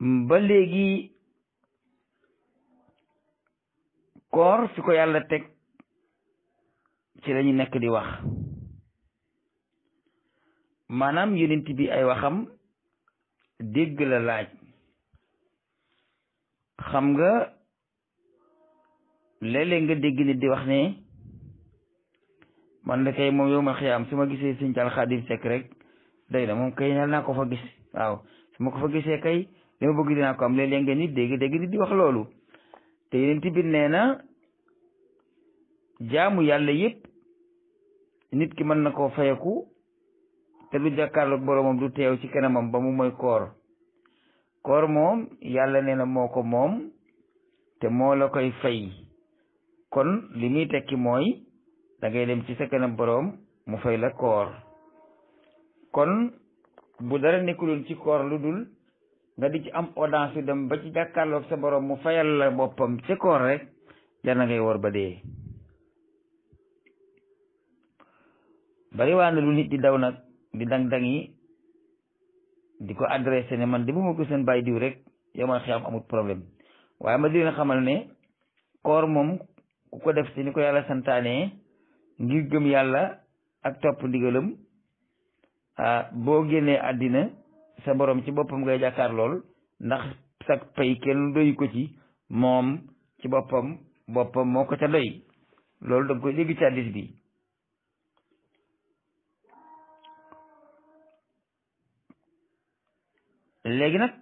ba léegi koor fi ko yàlla teg ci lañu nekk di wax maanaam yonent bi ay waxam dégg la laaj xam nga léeg-léeg nga dégg nit di wax ne man de kay moom yow ma xiyaam su ma gisee sëñ Xaadim Sekk rek day na moom kay yal ko fa gis waaw su ma ko fa gisee kay li ma bëgg dinaa ko am léeg-léeg nga nit dégg-dégg nit di wax loolu te yeneen bi nee na jaamu yàlla yëpp nit ki mën na koo fayeku te du jàkkaarloog boroomam du teew ci kanamam ba mu mooy koor koor moom yàlla nee na moo ko moom te moo la koy fay kon li muy tekki mooy dangay dem ci sa kanam boroom mu fay la koor kon bu dara nekkuloon ci koor lu dul nga di ci am audience yu dem ba ci jàkkaarloog sa boroom mu fayal la boppam ci koor rek jar na ngay wor ba dee bari waa na lu nit di daw nag di dang-dang yi di ko adressé ne man di bu ma ko seen bàyyi diw rek yow man xiyam amut problème waaye ma di leen xamal ne koor moom ku ko def si ni ko yàlla santaane ngir gëm yàlla ak topp ndigalam ah, boo génnee àddina sa boroom ci boppam ngay jàkkaar lool ndax sag pay kenn doyu ko ci moom ci boppam boppam moo ko ca doy loolu da nga koy dégg ci hadiis bi léegi nag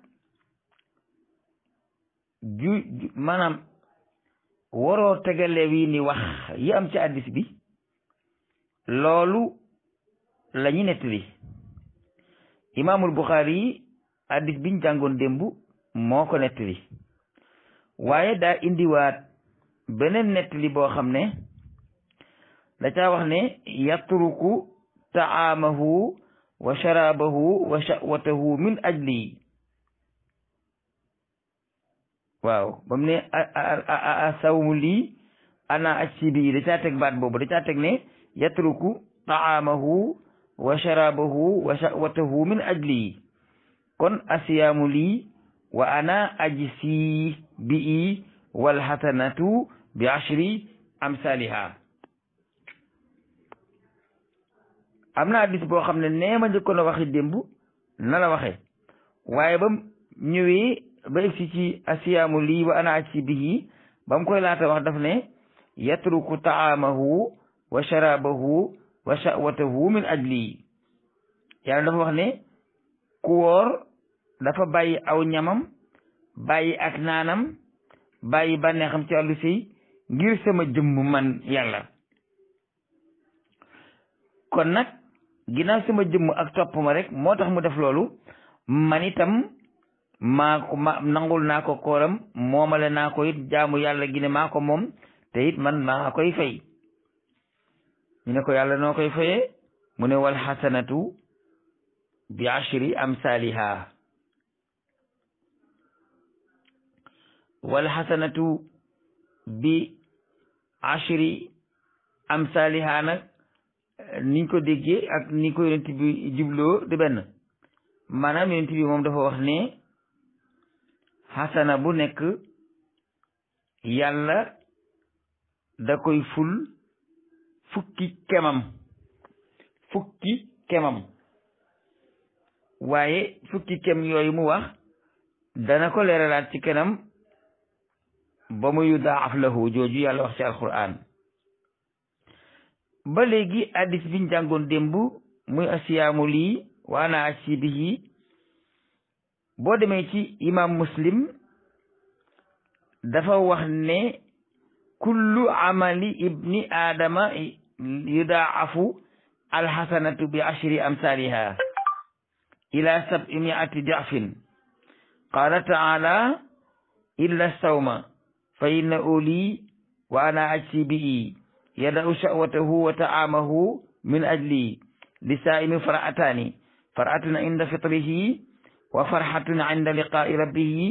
ju maanaam waroo tegale wi ni wax yi am ci hadiis bi loolu la ñu nettali imaamul Buxaari yi addis biñ jàngoon démb moo ko nettali waaye indiwaat beneen nettli boo xam ne da caa wax ne yatruku taamahu wa sharaabahu wa sha'watahu min ajli waaw ba mu ne asawmu lii ana ajsibi da caa teg baat boobu da caa teg ne yatruku taamahu wa sharaabahu wa sha'watahu min ajli kon asiyaamu lii wa ana ajsi bi'i wal hasanatu bi ashri amsaliha am na addis boo xam ne nee ma njëkkoon a waxi démb na la waxe waaye ba ñëwee ba egsi ci asiyaamu lii wa ana ajsi bihi ba koy laata wax daf ne yatruku taamahu wa sharaabahu wa sha'watahu min ajli yàlla dafa wax ne ku dafa bàyyi aw ñamam bàyyi ak naanam bàyyi baneexam ci wàllu sëy ngir sama jëmm man yàlla kon nag ginnaaw sama jëmm ak topp moo tax mu def loolu man itam ma nangul naa ko kooram moomale naa ko it jaamu yàlla gi ne maa ko moom te man maa koy fay ñu ne yàlla noo koy fayee mu ne wal xasanatu bi am amsaaliha wal xasanatu bi ashri amsaaliha nag niñ ko déggee ak ni ko yonent bi jubloo di benn maanaam yonent bi moom dafa wax ne xasana bu nekk yàlla da koy ful fukki kemam fukki kemam waaye fukki kem yooyu mu wax dana ko leeralaat ci kenam ba mu yudaaf lahu jooju yàlla wax ci alquran ba léegi addis biñ jàngoon démb muy asiyaamu lii waana asi bihi boo demee ci imam muslim dafa wax ne kullu amali ibni aadama yudaafu alxasanatu bi ashri amsaliha ila sabi miati dafin qala taala illa sawma fa inna uli wa ana ajsi bi'i yada'u sha'watahu wa ta'amahu min ajli li sa'imi far'atani far'atun inda fitrihi wa farhatun inda liqa'i rabbihi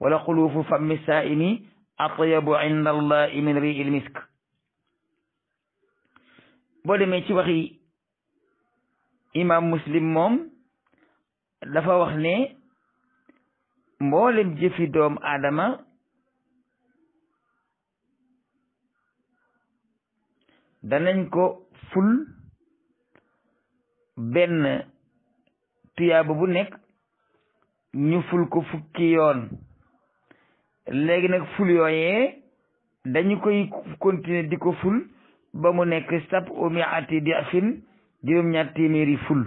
wa la xuluufu fammi sa'imi atyabu inda allahi min ri'il misk boo demee ci waxi imam muslim moom dafa wax ne mboolem jëfi doom aadama danañ ko ful benn tuyaaba bu nekk ñu ful ko fukki yoon léegi nag ful yooyee dañu koy continuer di ko ful ba mu nekk sab umi ati dixin juróom-ñaar téeméeri ful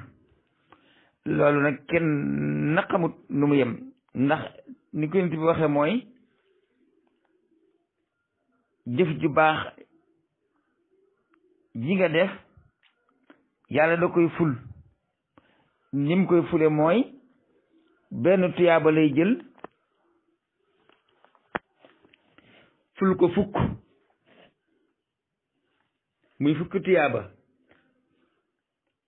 loolu nag kenn na nu mu yem ndax ni ko nit bi waxee mooy jëf ju baax ji nga def yàlla da koy ful ni mu koy fule mooy benn tuyaaba jël ful ko fukk muy fukki tuyaaba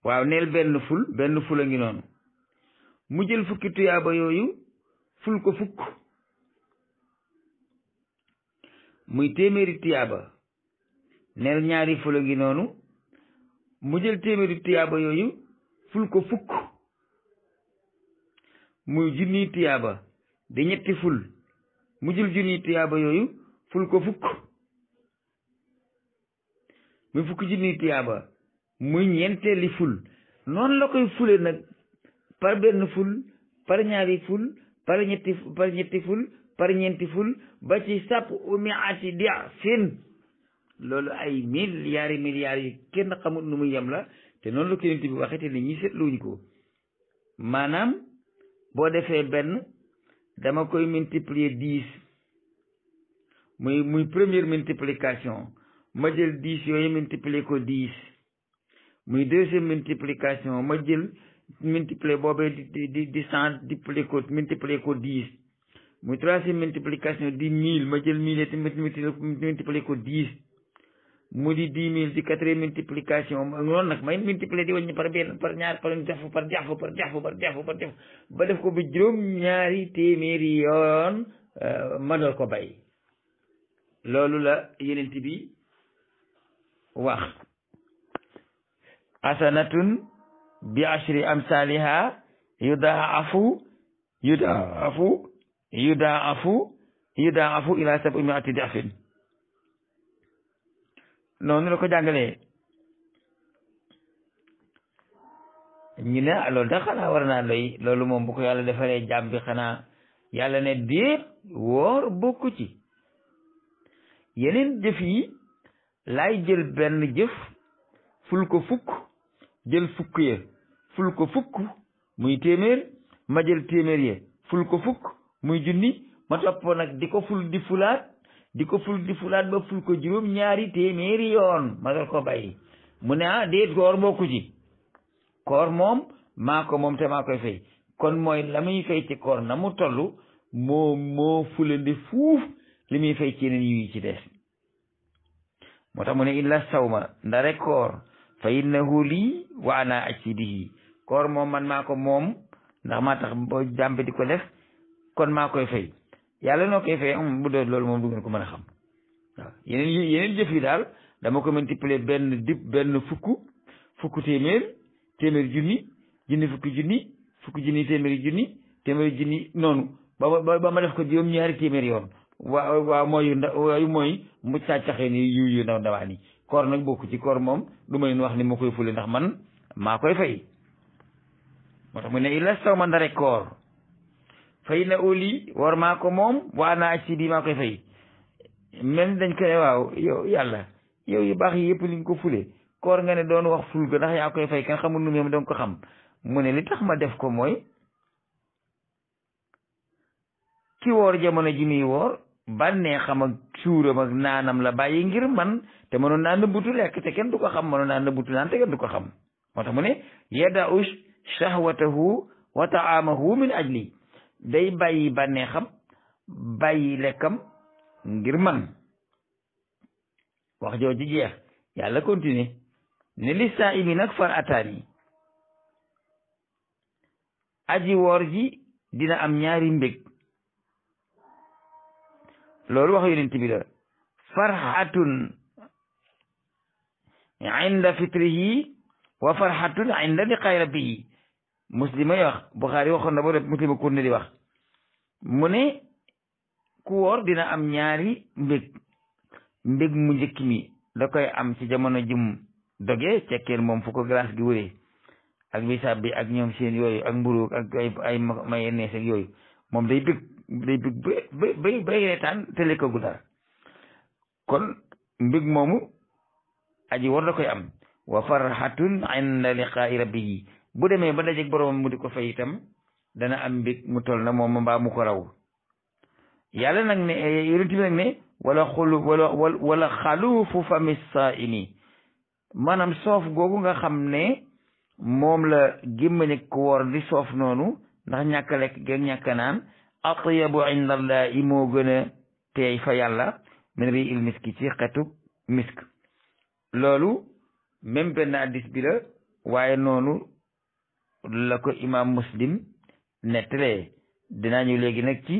waaw neel benn ful benn ful a noonu mu jël fukki tuyaaba yooyu ful ko fukk muy téeméeri tuyaaba neel ñaari ful a noonu mu jël téeméeri tuyaaba yooyu ful ko fukk muy junniy tuyaaba di ñetti ful mu jël junniy tuyaaba yooyu ful ko fukk muy fukki junni tiyaaba muy ñeenteeli ful noonu la koy fule nag par benn ful par ñaari ful par ñetti ful par ñeenti ful ba ci sàpp umi ati di fin loolu ay milliards yi milliards yi kenn xamut nu muy yem la te noonu la ko nit bi waxee te nit ñi seetluwuñ ko maanaam boo defee benn dama koy multiplier muy muy première multiplication ma jël dix yooyu multiplier ko dix muy deuxième multiplication ma jël multiplier boobee di di di cent multiplier ko multiplier ko dix muy troisième multiplication di mille ma jël mille tamit multiplier ko dix mu di dix mille di quatrième multiplication noonu nag may multiplier di wàññi par benn par ñaar par jafu par jafu par jafu par jafu par jafu ba def ko ba juróom-ñaari téeméeri yoon euh, ma door ko bay loolu la yeneen bi wax hasanatun bi ashri amsaliha yudaafu yudaafu yudaafu yudaafu ila sab'i mi'ati dafin noonu la ko jàngalee ñu ne ah, loolu da xanaa war naa loolu moom bu yàlla defaree jàmm bi xanaa yàlla ne déet woor bokku ci yeneen jëf laay jël benn jëf ful ko fukk jël fukk ya ful ko fukk muy téeméer ma jël téeméer ya ful ko fukk muy junni ma topp nag di ko ful di fulaat di ko ful di fulaat ba ful ko juróom ñaari téeméeri yoon ma dal ko bàyyi mu ne ah déet koor bokku ci koor moom maa ko moom te maa koy fay kon mooy la muy fay ci koor na mu toll moo moo fulandi fuuf li muy fay ci yeneen yi ci des moo tax mu ne illa sawma nda rek koor fa innahu lii wa ana ajsidihi koor moom man maa ko moom ndax ma tax boo jàmb di ko def kon maa fay yàlla noo koy fay am hmm, loolu moom du ngeen ko mën a xam waaw yeneen yeneen jëf daal dama ko multiplier benn dip benn fukk fukk téeméer téeméeri junni junni fukki junni fukki junni téeméeri junni téeméeri junni noonu ba ba ma def ko juróom ñaari téeméer yoon waaw waa mooy yooyu mooy mu càccaxee ni yiw yu ndaw ndawaan yi koor nag bokku ci koor moom du ma leen wax ni ma koy fule ndax man maa koy fay moo tax mu ne ma ndare koor fay na oli war maa ko moom waa naa ci bii koy fay mel dañ ko ne waaw yow yàlla yu baax yi yëpp li nga ko fule koor nga ne doon wax ful ga ndax yaa koy fay kenn xamul nu mu doon ko xam mu ne li tax ma def ko mooy ki woor jamono ji muy woor bannee xam ak suuram ak naanam la bàyyi ngir man te mënoon naa nëbbutu lekk te kenn du ko xam mënoon naa nëbbutu naan te kenn du xam moo tax mu ne yada'u shahwatahu wa ta'amahu min ajli day bàyyi bànnee xam lekkam ngir man wax jooju jeex yàlla continuer ne li saa far ataani aji woor dina am ñaari mbég loolu wax yonent bi la farxatun inda fitrihi wa farxatun inda liqaay rabbihi muslim ay wax buxaari waxoon na ba def muslim kurne di wax mu ne ku woor dina am ñaari mbég mbég mu njëkk mi da koy am ci jamono jum doge cekkeen moom fu ko glace gi wëree ak bisaab bi ak ñoom seen yooyu ak mburu ak ay may nees yooyu moom day bég day bëgg ba ba bay reetaan te lekkagu kon mbég moomu aji war da koy am wa farhatun inda liqaa'i rabbihi bu demee ba dajeg boroomam mu di ko fay itam dana am mbég mu tol na moom mbaa mu ko raw yàlla nag ne eh, yonent bi ne wala xulu wala wala xaluufu sa saa'imi maanaam soof googu nga xam ne moom la gémmañeg ko woor di soof noonu ndax ñàkk lekk geeg naan atyabu indallahi moo gën a teey fa yàlla min ri il miski ci xetu misk loolu même benn addis bi la waaye noonu la ko imam muslim nettalee dinaa ñu léegi nag ci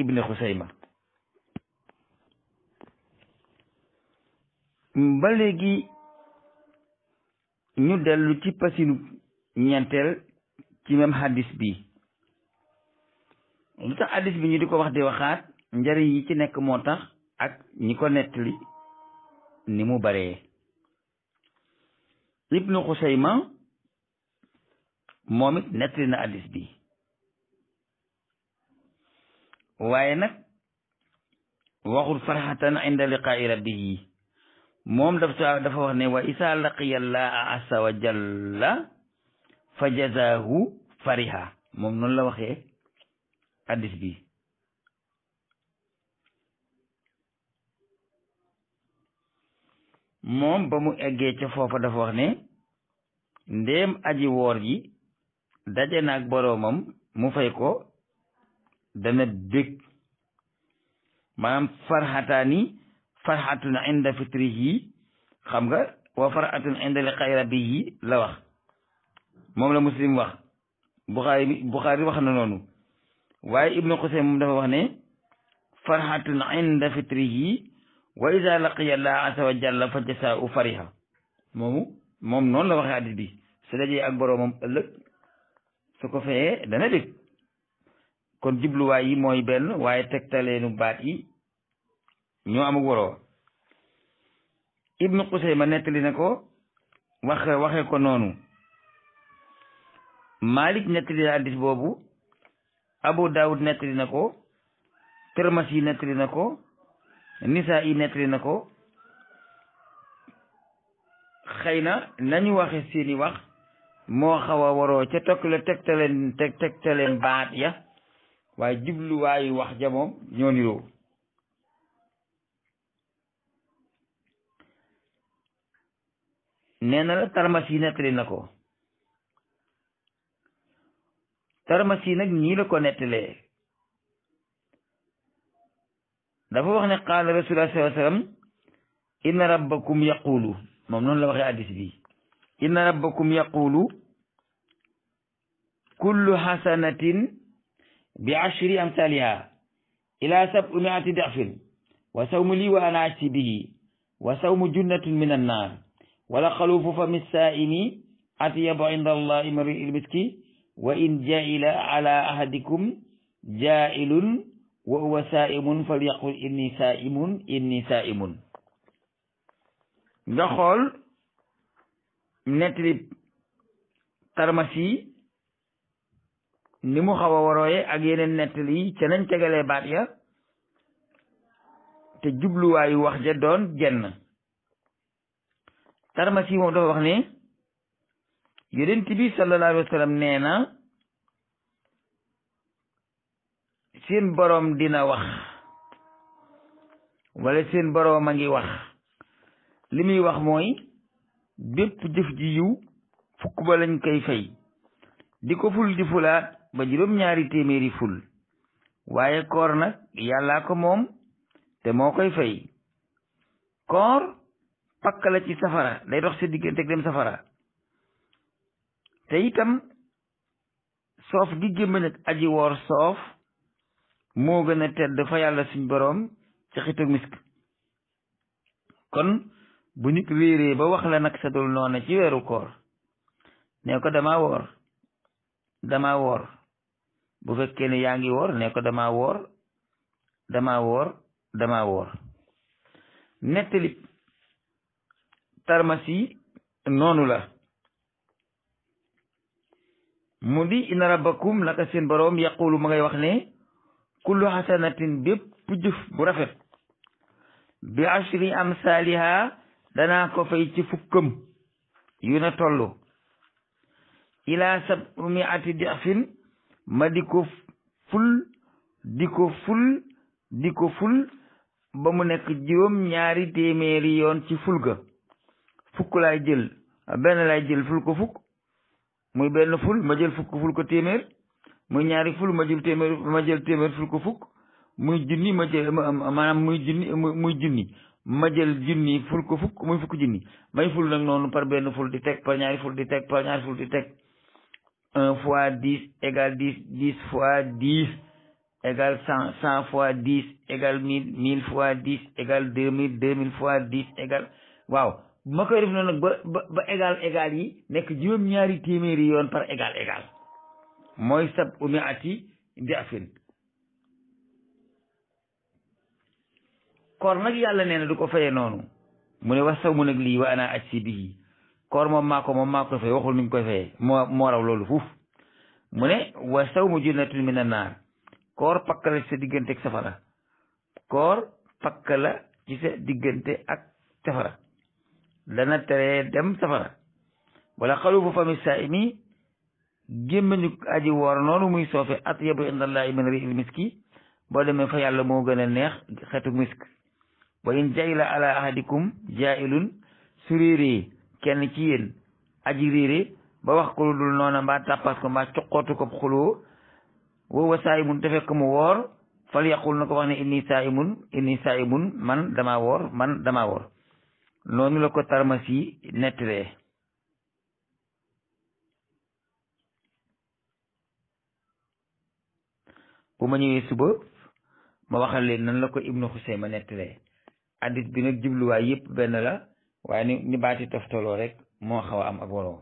ibni xusayma ba léegi ñu dellu ci pasinu ñeenteel ci même hadis bi lu tax addis bi ñu di ko wax di waxaat njariñ yi ci nekk moo tax ak ñi ko nettali ni mu baree ibnu xusayma moom it nettali na addis bi waaye nag waxul farxatan inda liqaa'i rabbihi moom dafa dafa wax ne wa isa laqiya llaaha azza wa jalla fa jazaahu fariha moom noonu la waxee addis bi moom ba mu eggee ca foofa dafa wax ne ndéem aji woor ji daje naag boroomam mu fay ko dana bég maanaam farxataani farxatun inda fitrihi xam nga wa farxatun inda liqaay rabbihi la wax moom la muslim wax buxaari buxaari wax na noonu waaye ibnu xusey moom dafa wax ne farhatun inda fitrihi wa iza laqiya allah azza wa jalla fa jasaau fariha moomu moom noonu la waxee hadis bi su dajee ak boroomam ëllëg su ko feyee dana dég kon jubluwaay yi mooy benn waaye tegtaleenu baat yi ñoo amuk waroo ibnu xuseyma nettali na ko wax waxee ko noonu malik nettali hadis boobu Abu Dawud nettali na ko Tirmasi nettali na ko Nisa'i nettali na ko xëy na nañu waxe seeni wax moo xaw a waroo ca tokkale tegtaleen te tegtaleen baat ya waaye jubluwaayu wax ja moom ñoo niroo nee na la Tirmasi nettali na ko Tarmasi nag nii la ko nettalee dafa wax ne qaala rasulullah sallallahu alayhi wa sallam inna rabbakum yaqulu moom noonu la waxee addis bi inna rabbakum yaqulu kullu xasanatin bi ashri amsaliha ila sabu miati dafin wa sawmu lii wa ana ajsi bihi wa sawmu junnatun min annaar wala xaluufu fami saaimi atyabu inda allahi maril miski wa in jaila ala ahadikum jailun wa huwa saimun fal yaqul inni saimun saimun nga xool nettali tarmasi ni mu xaw a warooye ak yeneen nettali yi baat ya te jubluwaayu wax ja doon jenn tarmasi moom dafa wax ne yonent bi sallallahu alayhi nee na seen boroom dina wax wala seen boroom a ngi wax li muy wax mooy bépp jëf ji yiw fukk ba lañ koy fay di ko ful di fulaat ba juróom ñaari téeméeri ful waaye koor nag yàllaa ko moom te moo koy fay koor pakk la ci safara day dox sa diggante ak dem safara te itam soof gi gémmén ak aji wor soof moo gën a tedd fa yàlla suñ boroom ci xitu misk kon bu nit réeree ba wax la nag sa dul noona ci weeru koor ne ko dama woor dama woor bu fekkee ne yaa ngi woor ne ko dama woor dama woor dama woor nettali tarmasi noonu la mu di inna rabbakum naka seen boroom yaqulu ma ngay wax ne kullu xasanatin bépp jëf bu rafet bi ashri am saaliha danaa ko fay ci fukkam yu na tollu ila sab'umiati dixfin ma di ko ful di ko ful di ko ful ba mu nekk juróom ñaari téeméeri yoon ci ful ga fukk laay jël benn laay jël ful ko fukk muy benn ful ma jël fukk ful ko téeméer muy ñaari ful ma jël téeméer ma jël téeméer ful ko fukk muy junni ma jël maanaam muy junni muy junni ma jël junni ful ko fukk muy fukk junni may ful nag noonu par benn ful di teg par ñaari ful di teg par ñaari ful di teg un fois dix égale dix dix fois dix égale cent cent fois dix égale mille mille fois dix égale deux mille deux mille fois dix égale waaw ma koy def noonu ba ba égal égal yi nekk juróom-ñaari téeméeri yoon par égal égal mooy sab umi ati di afin koor nag yàlla nee na du ko faye noonu mu ne wax saw mu lii wa ana aj si bii moom maa ko moom maa koy mu koy faye moo moo loolu mu ne wa saw mu junnatun mina naar koor pakka la ci sa diggante ak safara koor pakka la ci sa diggante ak safara dana tere dem safara wala xalufu fami saimi gémmañu aji woor noonu muy soofe at yabu indallahi min ri'il miski boo demee fa yàlla moo gën a neex xetu misk wa in jayla ala ahadikum jailun su réeree kenn ci yéen aji réere ba wax ko lu dul noona mbaa tàppas ko mbaa coqootu ko xuloo woowa te fekk mu woor fal yaqul ko wax ne inni saayimun inni saayimun man dama woor man dama woor noonu la ko tarmasi nettalee bu ma ñëwee suba ma waxal leen nan la ko ibnu ma nettalee addis bi nag jubluwaay yépp benn la waaye ni ni baati toftaloo rek moo xaw am ak waroo